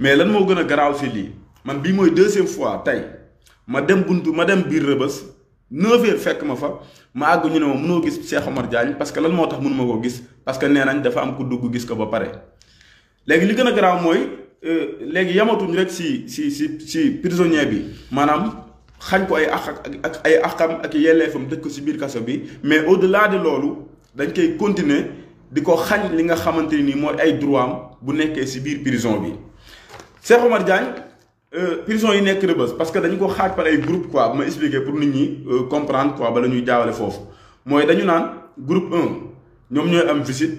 mais lan mo gëna graw garaaw li man bi deuxième fois tay ma dem buntu ma dem biir rebeus 9h fekk ma fa ma ag ñu ne mëno gis Cheikh Omar parce que lan suis tax gis parce que nenañ dafa am ku dugg gis ko ba pare. légui li gëna a que mooy euh, yamatuñ rek si si si si prisonnier bi ko ay ak ak ay mais au delà de lolu dañ koy continuer diko xañ li nga xamanteni ni ay droit bu Cheikh Omar Diagne euh, prison yi nek rebeus parce que dañ ko xaaj par ay groupe quoi bu ma expliquer pour nit ñi euh, comprendre quoi ba lañuy jaawale fofu moy dañu nan groupe 1 ñom ñoy am visite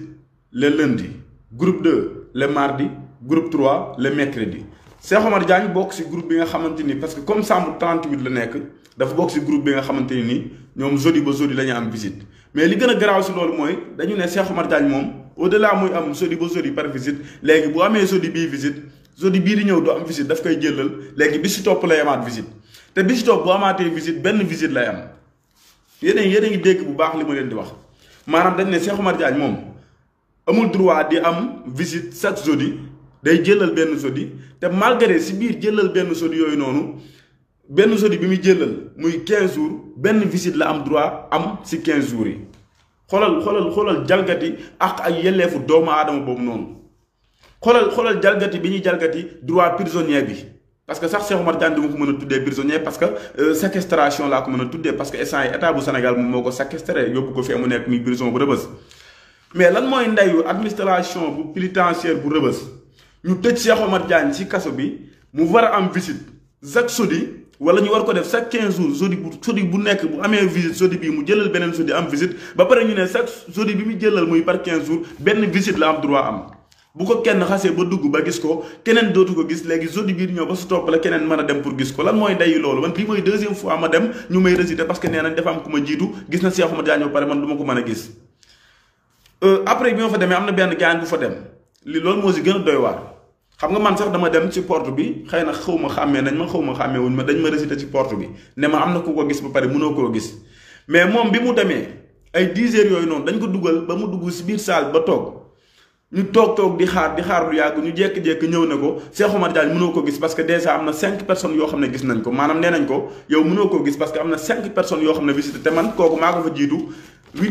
le lundi groupe 2 le mardi groupe 3 le mercredi Cheikh Omar Diagne bok ci groupe bi nga xamanteni parce que comme Samb 38 la nek dafa bok ci groupe bi nga xamanteni ni ñoom jeudi ba jeudi lañu am visite mais li gëna graw ci lolu moy dañu né Cheikh Omar Diagne mom au delà muy am jeudi ba jeudi par visite légui bu amé jeudi bi visite. jeudi bii di ñëw du am visite daf koy jëlal léegi bis si topp lay amaat visite te bis si topp bu amaatee visite benn visite lay am yéen a yéen a ngi dégg bu baax li ma leen di wax maanaam dañ ne Cheikh Oumar Diagne moom amul droit di am visite chaque jeudi day jëlal benn jeudi te malgré si biir jëlal benn jeudi yooyu noonu benn jeudi bi muy jëlal muy quinze jours benn visite la am droit am si quinze jours yi xoolal xoolal xoolal jalgati ak ay yelleefu doomu aadama boobu noonu. jalgati bi droit prisonnier parce que sax Cheikh omar de ko prisonnier parce que euh, séquestration laa ko mën a parce que état Sénégal moom moo séquestré ko fi prison mais lan administration bu pénitentiaire bu rëbës ñu tëj Cheikh omar ci kaso bi mu a am visite chaque wala chaque 15 jours bu visite jeudi bi mu visite ba ñu chaque 15 jours benn visite droit bu ko kenn xasee ba dugg ba gis ko keneen dootu ko gis léegi zone biir ñëw ba su topp la keneen mën a dem pour gis ko lan mooy dayu loolu man bii mooy deuxième fois ma dem ñu may résider parce que nee nañ dafa am ku ma na Cheikh Oumar Diagne ko mën a gis. Euh, après bi ma fa demee am na benn gaañ bu fa dem li loolu moo si gën a doy waar xam nga man sax dama dem ci port bi xëy na xaw ma xàmmee nañ ma xaw ma xàmmee wuñ ma dañ ma résider ci port bi ne ma am na ku ko gis ba pare mënoo koo gis mais moom bi mu demee ay 10 heures yooyu noonu dañ ko dugal ba mu dugg si biir salle ba toog ñu toog toog di xaar di xaar lu yàgg ñu jékki-jékki ñëw na ko Cheikh Oumar Diagne ko gis parce que déjà am na cinq personnes yoo xam ne gis nañ ko maanaam nee nañ ko yow mënoo ko gis parce que am na cinq personnes ne visité naa ñu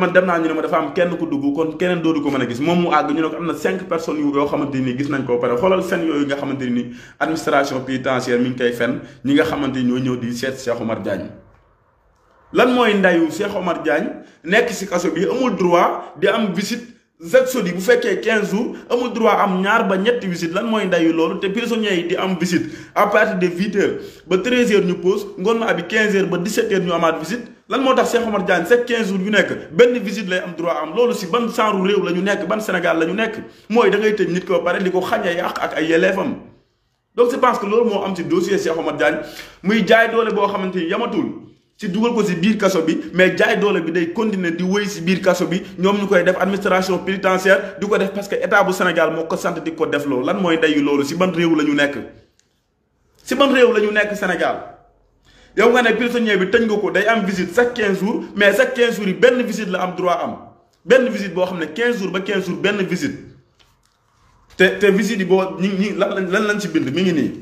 ne ma dafa am kenn ko dugg kon keneen doodu ko mën a gis moom mu àgg ñu ne ko am na cinq personnes yu yoo xamante nii gis nañ ko pare xoolal fen yooyu nga xamante ni administration pénitentiaire mi ngi koy fen ñi nga xamante ni ñoo ñëw di seet Cheikh Oumar Diagne lan mooy ndayu Cheikh Oumar Diagne nekk si kaso bi amul di am visite Zaxodi bu fekkee 15 jours amul droit am ñaar ba ñetti visite lan mooy ndeyu loolu te prisonniers yi di am visite à partir de 8 heures ba 13 heures ñu pause ngoon ma abi 15 heures ba 17 heures ñu amaat visite lan moo tax Cheikh nekk benn visite lay am droit am loolu si ban réew la nekk ban Sénégal la ñu nekk mooy da tëj nit ko ba pare di ko xañ ay ak ay yelleefam donc je pense loolu moo am si dossier Cheikh Omar Diagne muy jaay doole boo xamante ni yamatul. ci dugal ko ci biir kaso bi mais jaay doole bi day continuer di wéy si biir kaso bi ñoom ñu koy def administration pénitentiaire di ko def parce que état bu Sénégal moo ko sant di ko def loolu lan mooy ndeyu loolu si ban réew la ñu nekk si ban réew la ñu nekk Sénégal yow nga ne prisonnier bi tëj nga ko day am visite chaque 15 jours mais chaque 15 jours yi benn visite la am droit am benn visite boo xam ne 15 jours ba 15 jours benn visite te te visite yi boo ñi ñi lan lan lañ ci bind mi ngi nii.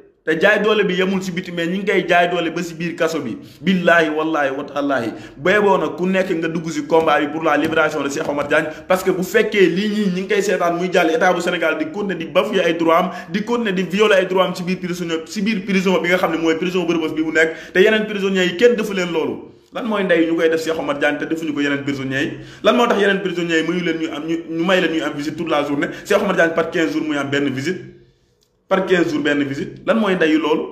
té jaay doole bi yamul ci bitume mais ñi ngi jaay doole ba ci biir kasso bi billahi billaahi wallaahi watallaahi beeboo nag ku nekk nga dugg ci combat bi pour la libération de Cheikh Omar Diagne parce que bu fekkee li ñii ñi ngi koy seetaan muy jall état bu Sénégal di continuer di bafouer ay droit am di continuer di violer ay droit am si biir prison ci biir prison bi nga xamné moy prison bu bi mu nekk té yeneen prisonniers yi kenn defu leen loolu lan moy nday ñu def Cheikh Omar Diagne te defuñu ko yeneen prisonniers yi lan mo tax yeneen prisonniers yi mayu leen ñu am ñu may leen ñu am visite toute la journée Cheikh Omar Diagne par 15 jours muy am benn visite par 15 jours benn visite lan moy ndeyu loolu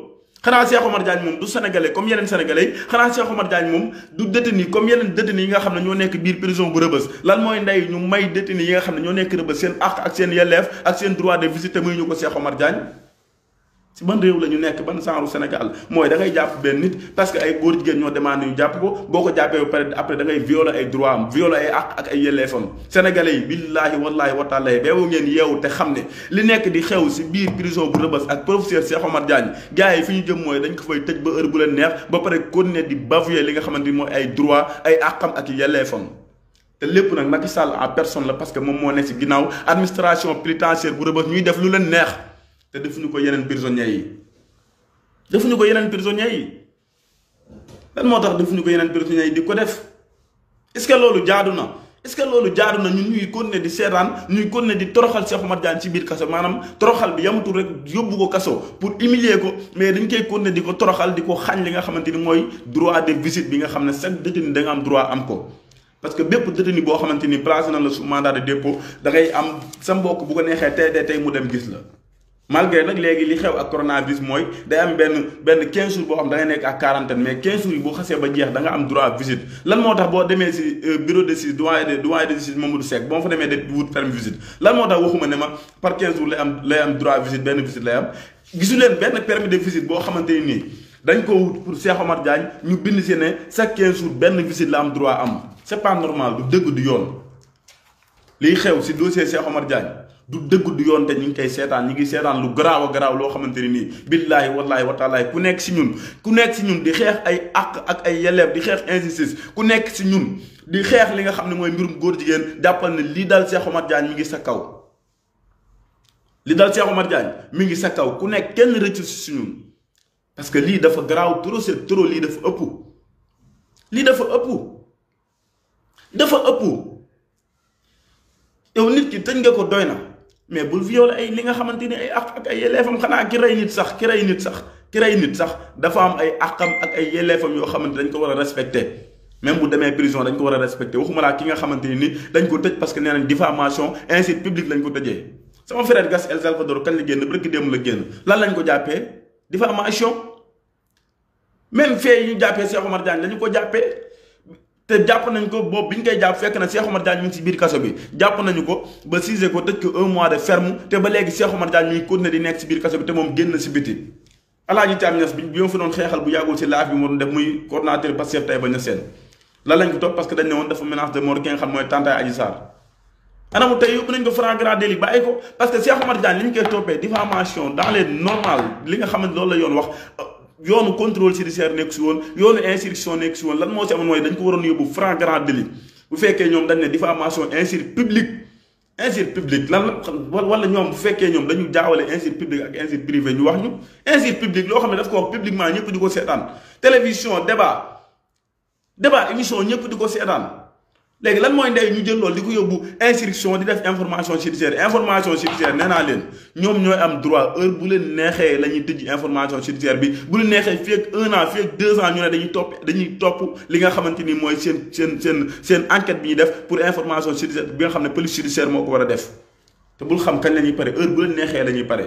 xanaa Cheikh Omar Diagne mom du sénégalais comme yeneen sénégalais yi Cheikh Omar Diagne mom du détenu comme yeneen détenu yi nga xamné ño nek biir prison bu rebeus lan moy ndeyu ñu may détenu yi nga xamné ño nek nekk sen seen ak sen yelef ak sen droit de visite te muy ñu Cheikh Omar Diagne ci ban réew la ñu nekk ban genre Sénégal moy da ngay japp ben nit parce que ay góor jigéen ñoo demandé ñu japp ko boko jappé après après da ngay violer ay droit am violer ay àq ak ay yelleefam sénégalais yi billaahi wallaahi wa taala beewu ngeen yeewu te xamné li nekk di xew ci biir prison bu rebeus ak professeur Cheikh Omar Diagne gaay yi fi jëm moy dañ ko fay tëj ba heure bu leen neex ba paré continuer di bavouer li nga xamante ni mooy ay droit ay akam ak yelleefam te lepp nak Macky Sall en personne la parce que mom mo ne ci ginnaaw administration pénitentiaire bu rebeus ñuy def lu leen neex te defuñu ko yeneen prisonniers yi defuñu ko yeneen prisonniers yi lan moo tax defu ñu ko yeneen prisonniers yi di ko def est-ce loolu jaadu na est-ce que loolu jaadu na ñun ñuy continuer di seetaan ñuy continuer di toroxal Cheikh Oumar Diagne ci biir kaso maanaam toroxal bi yamatul rek yóbbu ko kaso pour humilier ko mais dañ koy continuer di ko toroxal di ko xañ li nga xamante ni mooy droit de visite bi nga xam ne chaque détenu da nga am droit am ko. parce que bépp détenu boo xamante ni placé na la sous mandat de am sa mbokk bu ko neexee tey tey mu dem gis la. malgré nak légui li xew ak coronavirus moy day am ben ben 15 jours bo xam da ngay nek ak quarantaine mais 15 jours bo xasse ba jeex da nga am droit visite lan motax bo démé ci euh, bureau de justice doyen de doyen de justice Mamadou Seck bo fa démé de wut permis visite lan motax waxuma ne ma par 15 jours lay am lay am droit visite ben visite lay am gisu leen benn permis de visite bo xamanteni ni dañ ko wut pour Cheikh Omar Diagne ñu bind ci né chaque 15 jours ben visite la am droit am c'est pas normal du deug du yoon li xew ci dossier Cheikh Omar Diagne du dëgg du yoon te ñu ngi koy seetaan ñu ngi seetaan lu garaaw a garaaw loo xamante ne nii billaahi wallaahi wataalaahi ku nekk si ñun ku nekk si ñun di xeex ay àq ak ay yelleef di xeex injustice ku nekk si ñun di xeex li nga xam ne mooy mbirum góor jigéen jàppal ne li daal Cheikh Omar Diagne mu ngi sa kaw li daal Cheikh Omar Diagne mi ngi sa kaw ku nekk kenn rëccu si ñun parce que lii dafa garaaw trop c'est trop lii dafa ëpp lii dafa ëpp dafa ëpp yow nit ki tëj nga ko doy na mais bul violé ay li nga xamanteni ay ak ak ay yelefam xana ki ray nit sax ki ray nit sax ki ray nit sax dafa am ay akam ak ay yelefam yo xamanteni dañ ko wara respecter même bu démé prison dañ ko wara respecter waxuma la ki nga xamanteni ni dañ ko tëj parce que nee diffamation incite public lañ ko tëjee sama frère Gas El Salvador kañ la génn bëgg démb la génn lan lañ ko jappé diffamation même fee ñu jappé Cheikh Omar Diagne lañu ko jappé te jàpp nañ ko boobu bi ñu koy jàpp fekk na Cheikh Omar Diagne mi ngi si biir kaso bi jàpp nañu ko ba siise ko tëj ko un mois de ferme te ba léegi Cheikh Omar Diagne mi ngi continuer di nekk si biir kaso bi ko topp parce que dañ ne woon dafa menace de mort ki xam mooy tantaay Adji Sarr anamu tey yóbbu nañ ko franc grand délit bàyyi ko parce que Cheikh li ñu koy toppee diffamation dans les li nga xam loolu la yoon wax yoonu contrôle judiciaire nekk si woon yoonu instruction nekk si woon lan moo si amoon mooy dañ ko waroon yóbbu flagrant délit bu fekkee ñoom dañ ne diffamation injure publique injure publique lan la wala ñoom bu fekkee ñoom dañu jaawale injure publique ak injure privée ñu wax ñu injure loo xam ne daf ko wax publiquement ñëpp di ko seetaan télévision débat débat émission ñëkk di ko seetaan Légui lan moy ndey ñu jël loolu di ko instruction di def information judiciaire information judiciaire néna naa leen ñoom ñooy am droit heure bu leen nexé lañuy tejj information judiciaire bi bu leen nexé fi ak 1 an fi ak 2 ans ñu né dañuy top dañuy top li nga xamanteni moy sen sen sen sen enquête bi ñuy def pour information judiciaire bi nga xamné police judiciaire moko wara def té bul xam kañ la paré heure bu leen nexé lañuy paré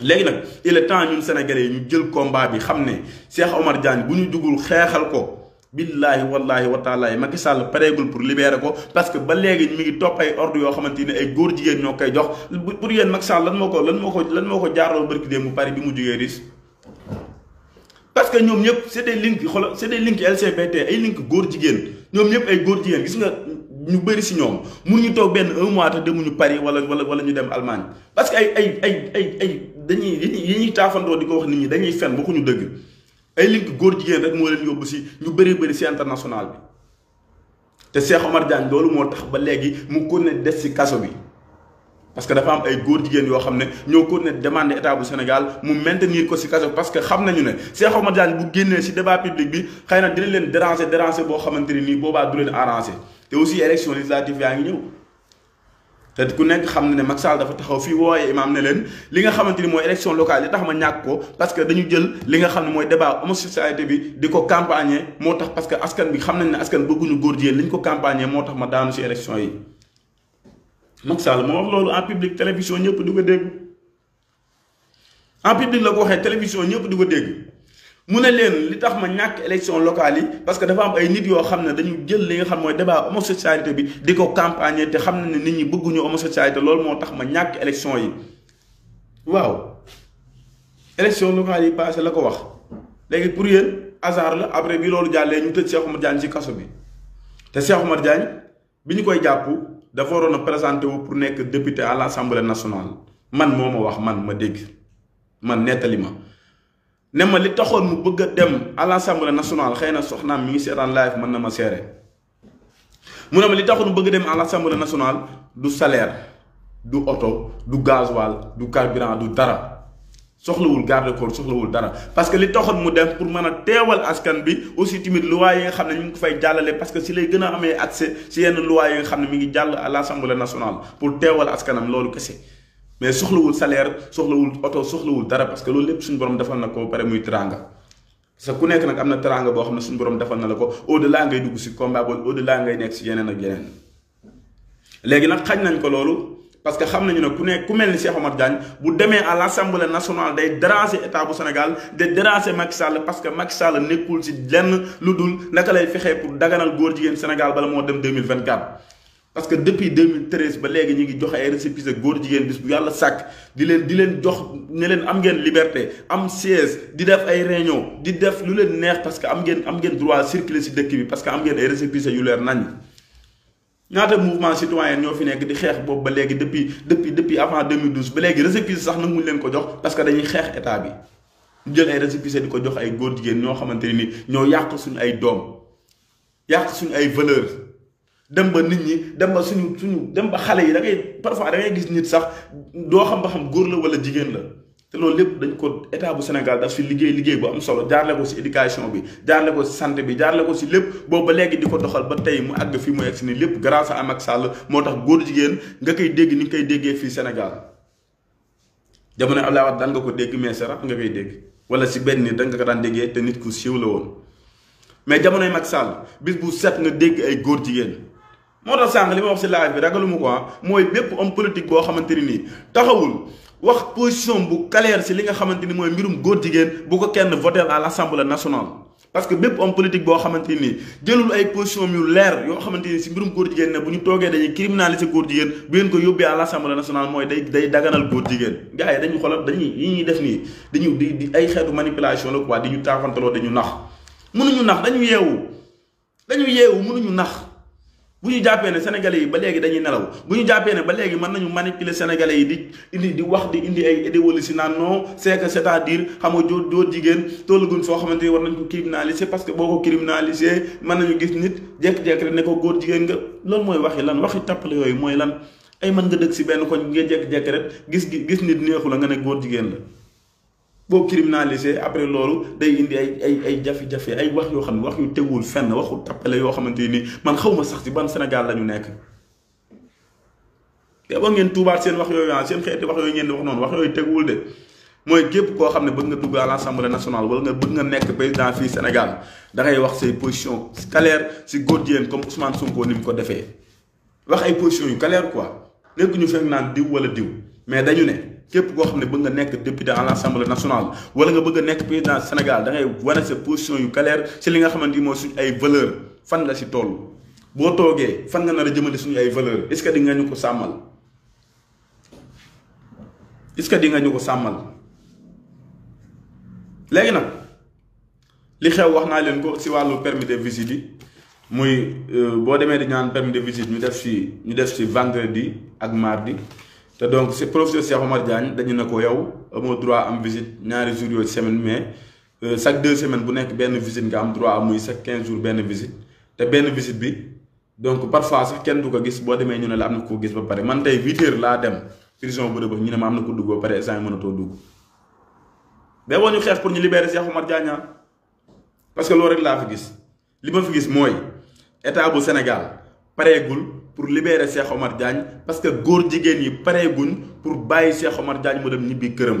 légui nak il est temps ñun sénégalais ñu jël combat bi xamné Cheikh Omar Diagne bu ñu dugul xéxal ko billahi wallahi wa taalaahi Macky Sall pareegul pour libérer ko parce que ba légui mi ngi topp ay ordre yo xamanteni ay góor jigéen ñokay jox pour yeen Macky Sall lan moko ko lan moko ko lan moko ko barki démb bu Paris bi mu jugee RIS. parce que ñom ñep c'est des link xoolal c' des link LGBT ay link góor jigéen ñom ñep ay góor jigéen gis nga ñu bëri si ñom mun ñu toog benn mois te demuñu Paris wala wala wala ñu dem Allemagne parce que ay ay ay ay dañuy dañuy yi ñuy taafandoo di ko wax nit ñi dañuy ko ñu dëgg. ay link góor jigéen rek moo leen yóbbu si ñu bëri bëri si international bi te Cheikh Omar Diagne loolu moo tax ba léegi mu ko ne des si kaso bi parce que dafa am ay góor jigéen yoo xam ne ñoo ko ne demande état bu Sénégal mu nii ko si kaso parce que xam nañu ne Cheikh Omar Diagne bu génnee si débat public bi xëy na dina leen déranger déranger boo xamante ni nii boobaa du leen arranger te aussi élection législative yaa ngi ñëw. te ku nekk xam na ne Macky Sall dafa taxaw fii wooyee imaam ne leen li nga xamante ni mooy élection locale yi tax ma ñàkk ko parce que dañu jël li nga xam ne mooy débat homosexualité bi di ko campagner moo tax parce que askan bi xam nañ ne askan bëgguñu góor jigéen li ko campagner moo tax ma daanu si élection yi. Macky Sall moo loolu en public télévision ñëpp di ko dégg en public la ko waxee télévision ñëpp di ko dégg. mu ne leen li tax ma ñàkk élection locale yi parce que dafa am ay nit yoo xam ne dañu jël li nga xam mooy débat homosexualité bi di ko campagne te xam na ne nit ñi bëgguñu homosexualité loolu moo tax ma ñàkk élection yi waaw élection locale yi passé la ko wax léegi pour yéen hasard la après bi loolu jàllee ñu tëj Cheikh Oumar Diagne ci kaso bi te Cheikh Oumar Diagne bi ñu koy jàpp dafa waroon a présenté wu pour nekk député à l' assemblée nationale man moo ma wax man ma dégg man nettali ne ma li taxoon mu bëgg a dem à l'Assemblée nationale xëy na soxnaam mi ngi seetaan live mën na ma seere mu ne ma li taxoon mu bëgg a dem à l'Assemblée nationale du salaire du oto du gasoil du carburant du dara soxlawul garde corps soxlawul dara parce que li taxoon mu dem pour mën a teewal askan bi aussi tamit loi yi nga xam ne ñu ngi ko fay jàllale parce que si lay gën a amee accès si yenn loi yi nga xam ne mi ngi jàll à l'Assemblée nationale pour teewal askanam loolu kese. mais soxlawul salaire soxlawul oto soxlawul dara parce que loolu lépp suñ borom defal na ko pare muy teraanga parce ku nekk nag am na teraanga boo xam ne suñu borom defal na la ko au delà ngay dugg si combat boobu au delà ngay nekk si yeneen ak yeneen. léegi nag xañ nañ ko loolu parce que xam nañu ne ku nekk ku mel ni Cheikh Omar Diagne bu demee à l' assemblée nationale day déranger état bu Sénégal day déranger Macky Sall parce que Macky Sall nekkul si lenn lu dul naka lay fexee pour daganal góor jigéen Sénégal bala moo dem 2024. parce que depuis 2013 ba légui ñi ngi jox ay récépissé goor jigéen bis bu yalla sàkk di leen di leen jox ne leen am ngeen liberté am siège di def ay réunion di def lu leen neex parce que am ngeen am ngeen droit circuler ci dëkk bi parce que am ngeen ay récépissé yu leer nañ ñaata mouvement citoyen ñoo fi nekk di xeex boobu ba léegi depuis depuis depuis avant 2012 ba léegi récépissé sax nanguñ leen ko jox parce que dañuy xeex état bi ñu jël ay récépissé di ko jox ay góor jigéen ñoo xamante ni ñoo yàq suñu ay doom yàq suñu ay valeurs dem ba nit ñi dem ba suñu suñu dem ba xale yi da ngay parfois da ngay gis nit sax doo xam ba xam góor la wala jigéen la te loolu lépp dañ ko état bu Sénégal daf si liggéey liggéey bu am solo jaarale ko si éducation bi jaarale ko si santé bi jaarale ko si lépp boobu ba léegi di ko doxal ba tey mu àgg fii mu egg si ni lépp grâce à ak Sall moo tax góor jigéen nga koy dégg ni nga koy déggee fii Sénégal jamono Abdoulaye Wade daan nga ko dégg mais sarax nga koy dégg wala si benn da nga ko daan déggee te nit ku siiw la woon mais jamonoy Macky Sall bis bu set nga dégg ay góor jigéen. moo tax sànq li ma wax si live bi ragalu ko ah, mooy bépp homme politique boo xamante ni nii taxawul wax position bu claire si li nga xamante ni mooy mbirum góor jigéen bu ko kenn voter à l'Assemblée nationale. parce que bépp homme politique boo xamante ni jëlul ay position yu leer yoo xamante ni si mbirum góor jigéen ne bu ñu toogee dañuy criminaliser góor jigéen bu ngeen ko yóbbee à l'Assemblée nationale mooy day day daganal góor jigéen gars yi dañu xoolal dañuy yi di di ay xeetu manipulation la quoi di ñu nax mënuñu nax dañu yeewu dañu yeewu nax bu ñu jàppee ne sénégalais yi ba léegi dañuy nelaw bu ñu jàppee ne ba léegi mën nañu manipuler sénégalais yi di indi di wax di indi ay idéologie naan non c'est que c'est-à-dire xam nga joo joo jigéen tollaguñ foo xamante ni war nañ ko criminaliser parce que boo ko criminaliser mën nañu gis nit jekk jékki rek ne ko góor jigéen nga loolu mooy waxi lan waxi tappale yooyu mooy lan ay man nga dëkk si benn ko nga jékki-jékki rek gis gis nit neexu a nga ne góor jigéen boo criminalisé après loolu day indi ay ay ay jafé jafe ay wax yo xam wax yu téwul fenn waxu tapalé yo xamante man xawma sax ci ban Sénégal lañu ñu nekk. te ba ngeen touba sen wax yooyu sen seen wax yooyu ngeen wax non wax yooyu téwul dé moy képp ko xamné bëgg nga dugg à l'Assemblée nationale wala nga bëgg nga nekk président fi Sénégal da ngay wax say positions scalaire ci góor comme Ousmane Sonko nim ko défé wax ay positions yu claire quoi nekk ñu fekk naan diw wala diw mais dañu né képp koo xam ne nekk député à l'Assemblée nationale wala nga bëgg nekk président Sénégal da ngay wane position yu ci li nga xamante ni ay valeur fan fan nga est-ce que di nga ñu ko est-ce que di nga ñu ko li xew leen ko permis de visite yi muy euh, di permis de visite ñu def ñu vendredi ak mardi te donc si professeur Cheikh Omar Diagne dañu ne ko yow amoo droit am visite ñaari jours yo semaine mais euh, chaque deux semaines bu nekk benn visite nga am droit muy chaque quinze jours benn visite te benn visite bi donc parfois sax kenn du gis bo demee ñu ne la am na ko gis ba pare man tey la heures laa dem prison bu rëbëx ñu ne ma am na ko dugg ba pare instant yi mënatoo dugg mais woon ñu xeex pour ñu libérer Cheikh Omar Diagne ah, parce que lo rek la fi gis li ma fi gis mooy état bu Sénégal gul pour libérer Cheikh Omar Diagne parce que góor jigéen yi pareeguñ pour bàyyi Cheikh Omar Diagne mu dem ñibbi këram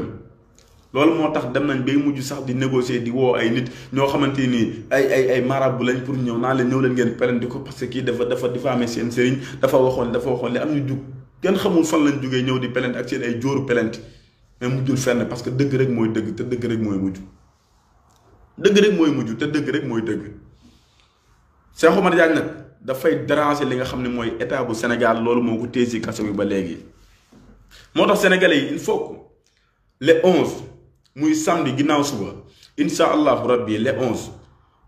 loolu moo tax dem nañ bay mujj sax di négocier di woo ay nit ñoo xamante ni ay ay ay marabu lañ pour ñëw naa leen ñëw leen ngeen di ko parce que kii dafa dafa amee seen sëriñ dafa waxoon dafa waxoon li am ñu jug kenn xamul fan lañ jógee ñëw di pelent ak seen ay jóoru pelent mais mujjul fenn parce que dëgg rek mooy dëgg te dëgg rek mooy mu dëgg mooy mujj te dëgg mooy dëgg Cheikh Omar Diagne dafay déranger li nga xam ne mooy état bu Sénégal loolu moo ko téye si kaso bi ba léegi moo tax sénégalais yi il faut que le 11 muy samedi ginnaaw suba incha allahu rabbi le 11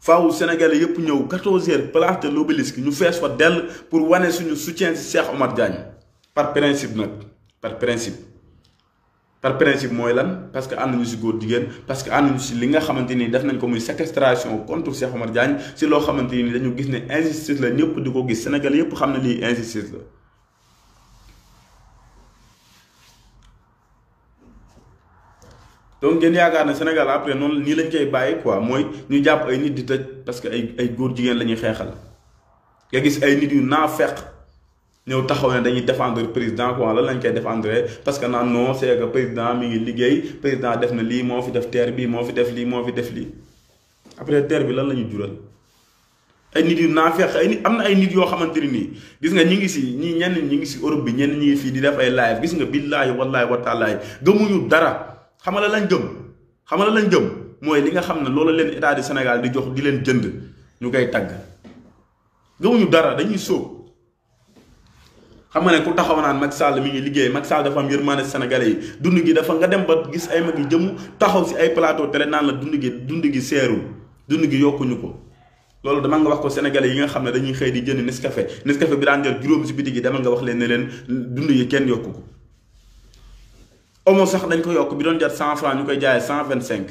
faaw sénégalais yëpp ñëw 14h place de l'obélisque ñu fees fa dell pour wane suñu soutien si Cheikh Omar Diagne par principe nag par principe. par principe mooy lan parce que ànd ñu si góor jigéen parce que ànd ñu si li nga xamante ni def nañ ko muy séquestration contre Cheikh Omar Diagne si loo xamante ni dañu gis ne injustice la ñëpp di ko gis Sénégal yëpp xam ne lii injustice la. yaakaar ne Sénégal après noonu nii lañ koy bàyyi quoi mooy ñu jàpp ay nit di tëj parce que ay ay góor jigéen la ñuy xeexal nga gis ay nit yu naa feq ñëw taxaw ne dañuy défendre président quoi lan lañ koy défendre parce que naan non c'est que président mi ngi liggéey président def na lii moo fi def terre bi moo fi def lii moo fi def lii après terre bi lan la ñu jural ay nit yu naa feex ay nit am na ay nit yoo xamante ni nii gis nga ñi ngi si ñi ñenn ñi ngi si Europe bi ñenn ñi ngi fii di def ay live gis nga billaahi wallaahi wa taalaay gëmuñu dara xam la lañ gëm xam la lañ gëm mooy li nga xam ne loolu leen état du Sénégal di jox di leen jënd ñu koy tagg gëmuñu dara dañuy sóob. xam nga ne ku taxaw naan Macky Sall mi ngi liggéey mag Sall dafa am yërmande Sénégalais yi dund gi dafa nga dem ba gis ay mag yi jëmm taxaw si ay plateau télé naan la dund gi dund gi seeru dund gi yokkuñu ko loolu dama nga wax ko sénégalais yi nga xam ne dañuy xëy di jënd Nescafé Nescafé bi daan jar juróom si biti gi dama nga wax leen ne leen dund yi kenn yokku ko omo sax dañ ko yokk bi doon jot cent franc ñu koy jaayee cent vingt cinq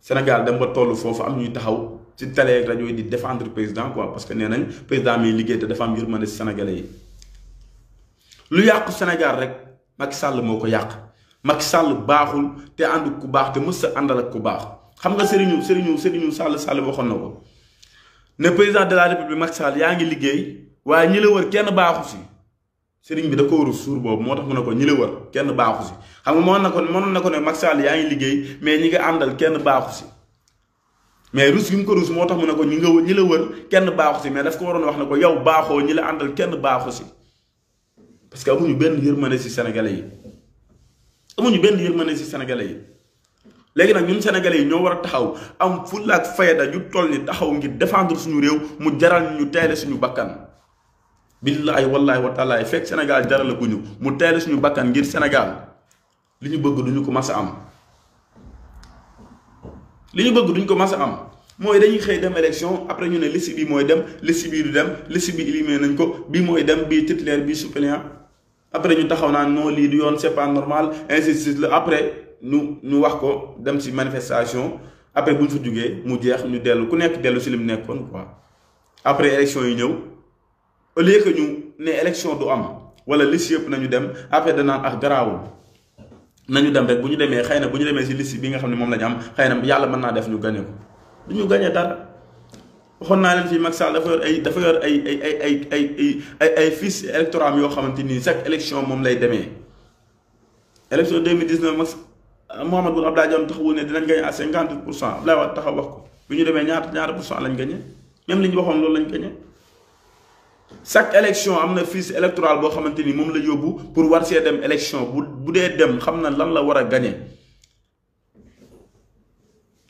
Sénégal dem ba toll foofu am ñuy taxaw ci télé ak rajo yi di défendre président quoi parce que nee nañ président mi liggéey te dafa am yërmande si sénégalais yi lu yàqu Sénégal rek Macky sàll moo ko yàq Macky Sall baaxul te ànd ku baax te mës sa àndal ak ku baax xam nga Serigne Serigne Serigne sàll Sall waxoon na ko ne président de la république Macky Sall yaa ngi liggéey waaye ñi la wër kenn baaxu si Serigne bi da ko warul suur boobu moo tax mu ne ko ñi la wër kenn baaxu si xam nga mënoon na ko mënoon na ko ne Macky Sall yaa ngi liggéey mais ñi nga àndal kenn baaxu si. mais rus gi mu ko rus moo tax mu ne ko ñi nga ñi la wër kenn baaxu si mais daf ko waroon wax ne ko yow baaxoo ñi la àndal kenn baaxu si parce que amuñu benn yërmande si sénégalais yi amuñu benn yërmande si senegale yi léegi nag ñun sénégalais yi ñoo war a taxaw am fulla ak fayda yu toll ni taxaw ngir défendre suñu réew mu jaral ñu teele suñu bakkan billahi wallahi wa taala fekk Sénégal jaral la guñu mu teele suñu bakkan ngir Sénégal li ñu bëgg duñu ko mas am li ñu bëgg duñ ko mas am mooy dañuy xëy dem élection après ñu ne liste bi mooy dem liste bi du dem liste bi éliminé nañ ko bii mooy dem bii titulaire bii suppléant après ñu taxaw naan non lii du yoon c'est pas normal ainsi de suite la après ñu ñu wax ko dem ci manifestation après bu ñu fa jugee mu jeex ñu dellu ku nekk dellu ci lim mu nekkoon quoi après élection yi ñëw au lieu que ñu ne élection du am wala liste yëpp nañu dem après danaan ak ah, garaawul. nañu dem rek bu ñu demee xëy na bu ñu demee si liste bi nga xam ne moom la ñu am xëy na yàlla mën naa def ñu gagné ko du ñu gagné dara waxoon naa leen fii Macky Sall dafa yor ay dafa yor ay ay ay ay ay ay ay fiches électorales yoo xamante ni chaque élection moom lay demee élection 2019 Macky Mouhamed Boun Abdallah Dionne taxawu ne dinañ gagné à 50 pour cent Abdoulaye Wade taxaw wax ko bi ñu demee ñaata ñaata pour cent lañ gagné même li ñu waxoon loolu lañ gagné. chaque élection amna fils électoral bo xamanteni mom ni la yobbu pour war ci dem élection bu dem xamna lan la wara gagner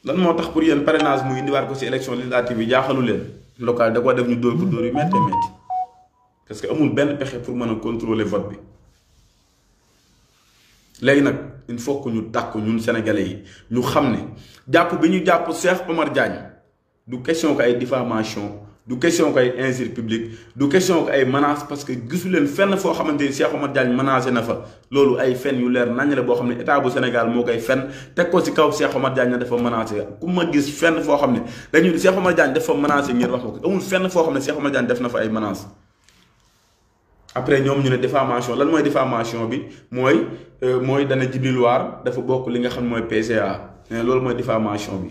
lan moo tax pour yéen parrainage mu war ko ci élection législative yi jaaxalu leen local da koo def ñu dóor ko dóor yu métti parce que amul ben pexé pour mëna contrôler vote bi légui nak il faut que ñu tàkk ñun sénégalais yi ñu xamné japp bi ñu japp Cheikh Omar Diagne du question ko ay diffamation du question ko du question de menace parce que gisu fenn foo Cheikh vous Diagne menacé nafa lolou ay yu leer la état bu Sénégal ko ci kaw Cheikh dafa menacé gis fenn fo ne Cheikh Diagne dafa menacé ngir wax amul fenn fo Cheikh Diagne def nafa ay menace après ñom ñu diffamation lan moy diffamation bi moy euh, moy dana fait dafa vous li nga xam moy PCA diffamation bi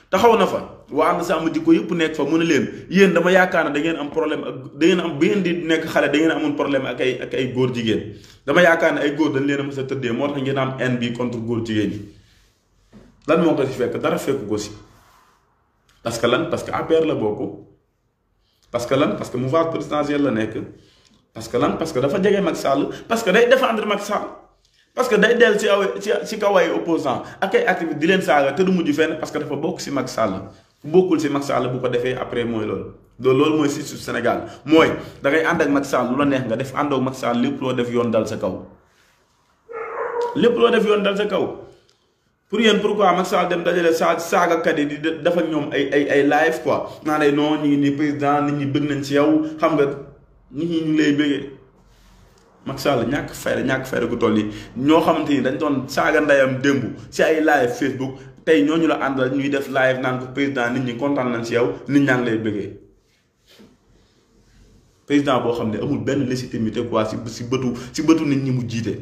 taxaw na fa waa ànd sàmm jikko yëpp nekk fa mu ne leen yéen dama yaakaar ne da ngeen am problème ak da am bi ngeen di nekk xale da ngeen amoon problème ak ay ak ay góor jigéen dama yaakaar ne ay góor dañ leen a mës a tëddee moo tax ngeen am haine bi contre góor jigéen ñi lan moo ko si fekk dara fekk ko si parce que lan parce que APR la bokk parce que lan parce que mouvance présidentielle la nekk parce que lan parce que dafa jege Macky Sall parce que day défendre Macky Sall parce que day dellu ci aw ci ci kaw ay opposant ak ay activiste di leen saaga te du mujj fenn parce que dafa bokk ci Macky Sall bokkul ci Macky Sall bu ko defee après mooy loolu loolu mooy si su Sénégal mooy da ngay ànd ak Macky Sall lu la neex nga def àndoo ak Macky Sall lépp loo def yoon dal sa kaw. lépp loo def yoon dal sa kaw pour yéen pourquoi Macky Sall dem dajale saa saagakat yi di def ak ñoom ay ay ay live quoi naa lay non ñu ngi nii président nit ñi bëgg nañ ci yow xam nga ñi ñu ngi Macky Sall ñàkk fayda ñàkk fayda gu toll yi ñoo xamante ni dañ doon saaga ndeyam démb si ay live Facebook tey ñooñu la àndal ñuy def live naan ko président nit ñi kontaan nañ ci yow nit ñaa ngi lay bëggee boo xam ne amul benn légitimité quoi si si bëtu si bëtu nit ñi mu jiite.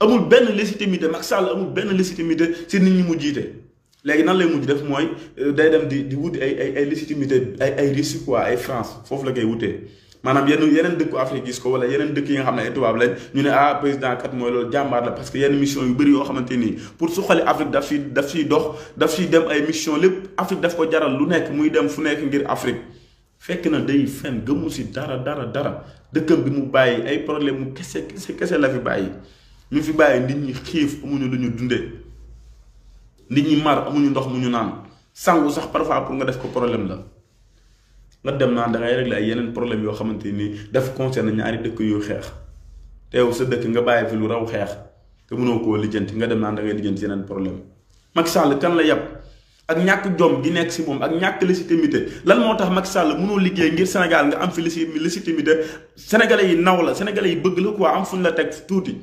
amul benn légitimité Macky Sall amul benn légitimité si nit ñi mu jiite léegi nan lay mujj def mooy euh, day dem di di wuti ay ay ay légitimité ay ay Russie quoi ay France foofu la koy wutee. maanaam yenn yeneen dëkku Afrique gis ko wala yeneen dëkk yi nga xam ne ay tubaab lañ ñu ne ah président kat mooy loolu jàmbaar la parce que yenn mission yu bëri yoo xamante nii pour suqali Afrique daf fi daf fiy dox daf fiy dem ay mission lépp Afrique daf ko jaral lu nekk muy dem fu nekk ngir Afrique fekk na day fen gëmu si dara dara dara dëkkam bi mu bàyyi ay problème mu kese kese kese la fi bàyyi ñu fi bàyyi nit ñi xiif amuñu lu ñu dundee nit ñi mar amuñu ndox mu ñu naan sangu sax parfois pour def ko problème la lan dem naa da ngay régler ay yeneen problème yoo xamante ni dafa concerne ñaari dëkk yu xeex te yow sa dëkk nga bàyyi fi lu raw xeex te mënoo koo lijjanti nga dem naa da ngay lijjanti yeneen problème Macky sàll kan la yàpp ak ñàkk jom gi nekk si moom ak ñàkk légitimité lan moo tax mag Sall mënoo liggéey ngir Sénégal nga am fi légitimité sénégalais yi naw la sénégalais yi bëgg la ko am fu ñu la teg tuuti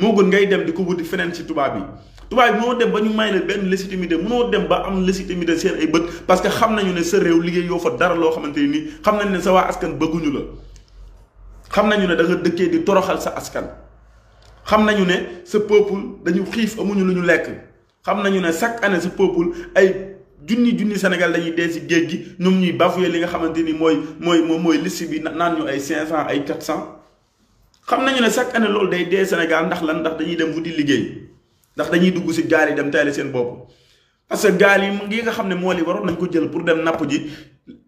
moo gën ngay dem di ko wuti feneen si tubaab yi. tubaab bi dem ba ñu may la benn légitimité mënoo dem ba am légitimité seen ay bët parce que xam nañu ne sa réew liggéey yoo fa dara loo xamante ni xam nañ ne sa waa askan bëgguñu la xam nañu ne da nga dëkkee di toroxal sa askan xam nañu ne sa peuple dañu xiif amuñu lu ñu lekk xam nañu ne chaque année sa peuple ay junni junni Sénégal dañuy dee si géej gi ñoom ñuy bafoué li nga xamante ni mooy mooy mooy liste bi naan ñu ay 500 ay 400 xam nañu ne chaque année loolu day dee Sénégal ndax lan ndax dañuy dem di liggéey. ndax dañuy dugg si gaal yi dem tayale seen bopp parce que gaal yi mu ngi nga xam ne mool yi waroon nañ ko jël pour dem napp ji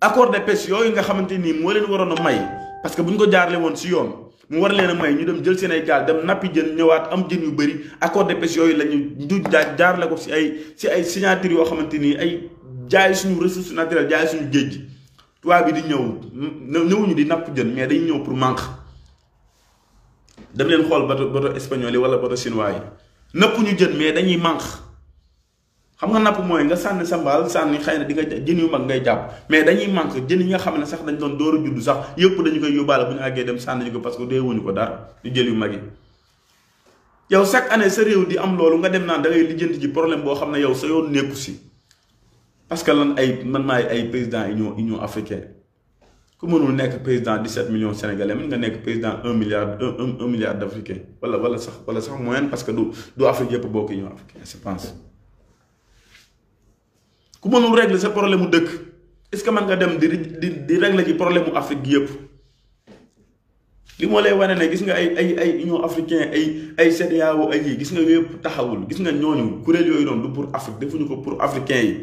accord de pêche yooyu nga xamante nii moo leen waroon a may parce que bu ñu ko jaarle woon si yoon mu war leen a may ñu dem jël seen ay gaal dem nappi jën ñëwaat am jën yu bëri accord de yooyu la ñu du jaarle ko si ay si ay signature yoo xamante nii ay jaay suñu ressource naturelle jaay suñu géej tubaab bi di ñëw ñëwuñu di napp jën mais dañu ñëw pour manque dem leen xool bato bato espagnol yi wala bato chinois yi nëpp ñu jën mais dañuy mànq xam nga napp mooy nga sànni sa mbaal sànni xëy na di nga jën yu mag ngay jàpp mais dañuy mànq jën yi nga xam ne sax dañ doon door a judd sax yëpp dañu koy yóbbaale bu ñu àggee dem sànni ko parce que deewuñu ko dara di jël yu mag yi. yow chaque année sa réew di am loolu nga dem naan da ngay lijjanti ji problème boo xam ne yow sa yoon nekku si parce que lan ay man maay ay président union ñu africaine. ku mënul nekk président 17 millions de sénégalais Nous nga président 1 milliard 1 milliard d'Africains. moyenne parce que nous nous Afrique pour bokk je pense. Comment nous régler ce problème est ce que nous nga régler ci problème d'Afrique Afrique que li lay gis nga ay ay ay union africain ay ay ils ay yi gis nga pour Afrique pour africain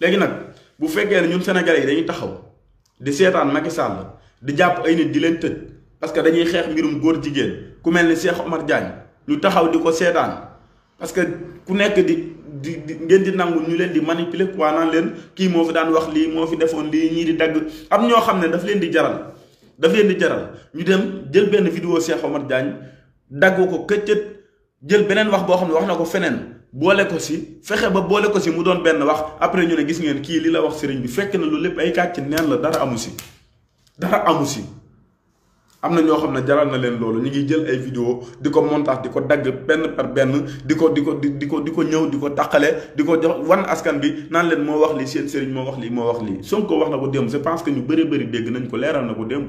léegi nag bu fekkee ne ñun Sénégalais yi dañuy taxaw di seetaan Macky Sall di jàpp ay nit di leen tëj parce que dañuy xeex mbirum góor jigéen ku mel ni Cheikh Omar jaañ ñu taxaw di ko seetaan parce que ku nekk di di ngeen di nangu ñu leen di manipuler waa naan leen kii moo fi daan wax lii moo fi defoon lii ñii di dagg am ñoo xam ne daf leen di jaral daf leen di jaral ñu dem jël benn vidéo Cheikh Omar Diagne dagg ko këccët jël beneen wax boo xam ne wax na ko feneen boole ko si fexe ba boole ko si mu doon benn wax après ñu ne gis ngeen kii li la wax sëriñ bi fekk na lu lépp ay kàcc neen la dara amu si dara amu si am na ñoo xam ne jaral na leen loolu ñu ngi jël ay vidéo di ko montage di ko dagg benn par benn di ko di ko di ko di ko ñëw di ko taqale di ko jox wan askan bi nan leen moo wax lii seen sëriñ moo wax lii moo wax lii Sonko wax na ko démb je pense que ñu bëri bëri dégg nañ ko leeral na ko démb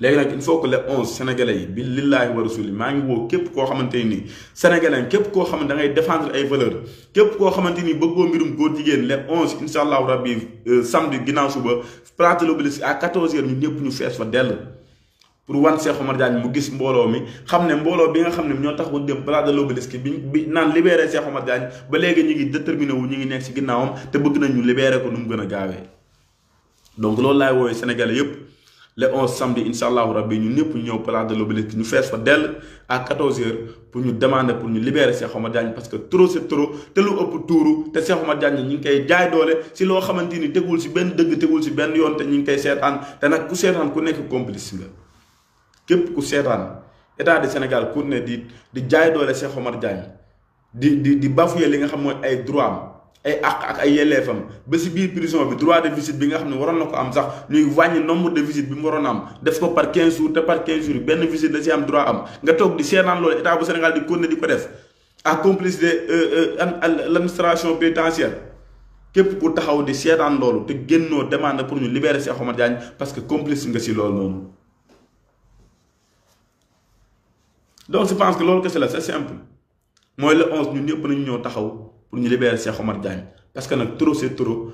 léegi nak il faut que les onze sénégalais bi lillahi wa rasuli ma ngi wo kep ko xamanteni ni sénégalais kep ko xam da ngay défendre ay valeur kep ko xamanteni ni bëggoo mbirum góor jigéen le 11 inshallah rabbi samedi ginaaw suba prate le bliss à 14 h ñu ñëpp ñu fess fa del pour wan Cheikh Omar Diagne mu gis mbolo mi xamne mbolo bi nga xamne ño ñoo dem prate le bliss ki bi naan libérer Cheikh Omar Diagne ba légui ñu ngi déterminer wu ñu ngi nekk ci ginnaawam te bëgg nañu libérer ko num gëna gaawé donc loolu lay woy sénégalais yëpp le 11 samedi nous rabbi ñu ñëpp de l'Obélisque à 14h pour nous demander pour ñu libérer Cheikh omar parce que trop c'est trop te lu ëpp touru te Cheikh omar Diagne ñu ngi jaay doole si loo xamante ni tegul si benn dëgg tegul si benn yoon te ñu ngi koy seetaan te nag ku seetaan ku nekk complice nga képp ku seetaan état du Sénégal ne di di jaay doole Cheikh omar Diagne di di di bafouer li nga xam droit ay ak ak ay yelleefam ba si biir prison bi droit de visite bi nga xam ne waroon na ko am sax ñuy wàññi nombre de visite bi mu waroon am def ko par 15 jours te par 15 jours benn visite da si am droit am nga toog di seetaan loolu état bu Sénégal di continuer di ko def à complice euh, de euh, l' administration pénitentiaire képp ku taxaw di seetaan loolu te génnoo demande pour ñu libérer Cheikh Oumar Diagne parce que complice nga si loolu noonu donc je pense que loolu kese la c'est simple mooy le 11 ñun ñëpp nañu ñëw taxaw pour nous libérer Cheikh Omar Diagne parce que trop c'est trop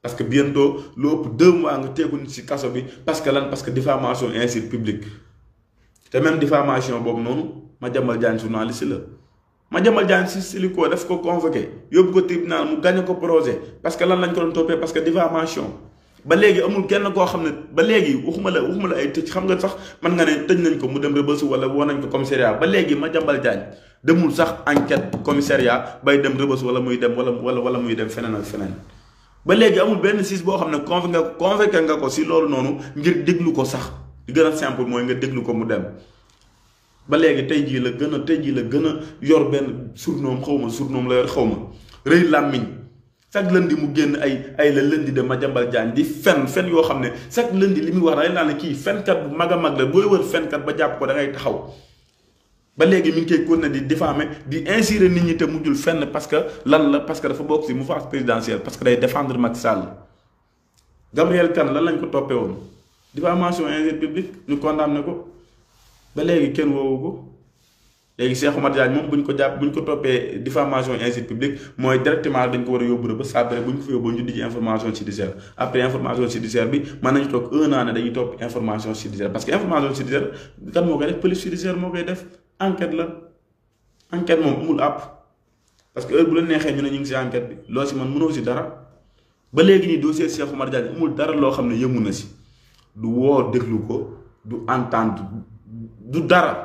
parce que bientôt nous avons deux mois nga teeguñ ci la parce que la parce que diffamation insulte public, te même diffamation boobu noonu Madiambal Diagne journaliste ne sais Diagne si siliko daf ko convoqué yóbbu ko tribunal parce que lan lañ ko parce que diffamation ba léegi amul kenn koo xam ne ba léegi waxuma la waxuma la ay tëj xam nga sax mën nga ne tëj nañ ko mu dem rëbës wala woo nañ ko commissariat ba léegi Madiambal Diagne demul sax enquête commissariat bay dem rëbës wala muy dem wala wala wala muy dem feneen ak feneen ba léegi amul benn siis boo xam ne convaincu nga convaincu nga ko si loolu noonu ngir déglu ko sax gën a simple mooy nga déglu ko mu dem ba léegi tey jii la gën a tey jii la gën a yor benn surnoom xaw ma surnoom la yor xaw ma rëy làmmiñ chaque lundi mu génn ay ay la lundi de jambal jaan di fen fen yoo xam ne chaque lundi li muy wax da naa ne kii fenkat bu mag a mag la booy wër fenkat ba jàpp ko dangay taxaw ba léegi mi ngi koy continuer di diffamer di insinuer nit ñi te mujjul fenn parce que lan la parce que dafa bokk ci mouvance présidentielle parce que day défendre Macky Sall Gabriel Kane lan lañ ko toppee woon diffamation injure publique ñu condamné ko ba léegi kenn woowu ko. léegi Cheikh oumar Diagne moom buñ ko japp buñ ko topé diffamation insulte publique moy directement dañ ko wara a ba après bu ñu ko fa yóbboo ñu di ci information judiciaire après information judiciaire bi man nañu tok 1 an ne dañuy topp information judiciaire parce que information judiciaire kan mo koy def police judiciaire mo koy def enquête la enquête moom amul app parce que heure bu la nexé ñu ñu ngi si enquête bi lo ci man mëno ci dara ba légui ni dossier Cheikh oumar Diagne amul dara lo xamné ne yëmu na si du wo déglu ko du entendre du dara.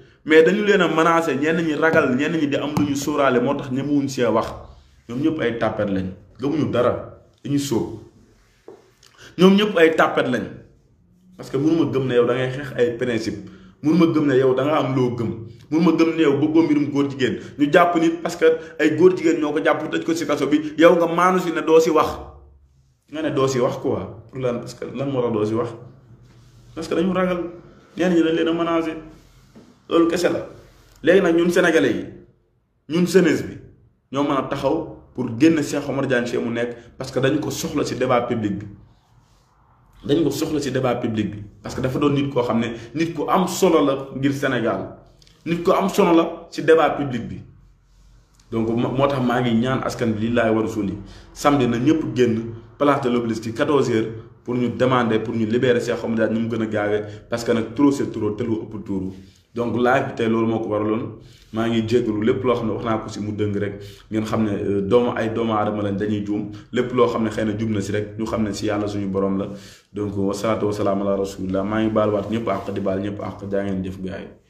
mais dañu leen a menacé ñenn ñi ragal ñenn ñi di am lu ñu sóoraale moo tax ñemewuñ see wax ñoom ñëpp ay tàppet lañ gëmuñu dara dañu sóob ñoom ñëpp ay tàppet lañ parce que mënuma gëm ne yow da ngay xeex ay principe mënuma gëm ne yow da nga am loo gëm mënuma gëm ne yow bëggoo mbirum góor jigéen ñu jàpp nit parce ay góor jigéen ñoo ko jàpp tëj ko si kaso bi yow nga maanu si ne doo si wax nga ne doo si wax ko quoi pour lan parce que lan moo tax doo si wax parce que dañu ragal ñenn ñi dañ leen a menacé loolu kese la léegi nag ñun sénégalais yi ñun jeunesse bi ñoo mën a taxaw pour génn Cheikh Omar Diagne mu nekk parce que dañu ko soxla ci débat public bi dañ ko soxla ci débat public bi parce que dafa doon nit koo xam ne nit ku am solo la ngir Sénégal nit ko am solo la ci débat public bi donc moo tax maa ngi ñaan askan bi lii laay war a suuli samedi na ñëpp génn palaate de ci 14 pour ñu demande pour ñu libérer Cheikh Omar Diagne ñu mu gën a gaawee parce que nag trop c'est trop te donc live bi tey loolu moo ko waraloon maa ngi jéggalu lépp loo xam ne wax naa ko si mu dëng rek ngeen xam ne euh, doom ay doomu aadama lañ dañuy juum lépp loo xam ne xëy na jub na si rek ñu xam ne si yàlla suñu borom la donc wasalaatu wasalaam ala rasulillah maa ngi baal waat ñëpp àq di baal ñëpp àq jaa ngeen jëf gars yi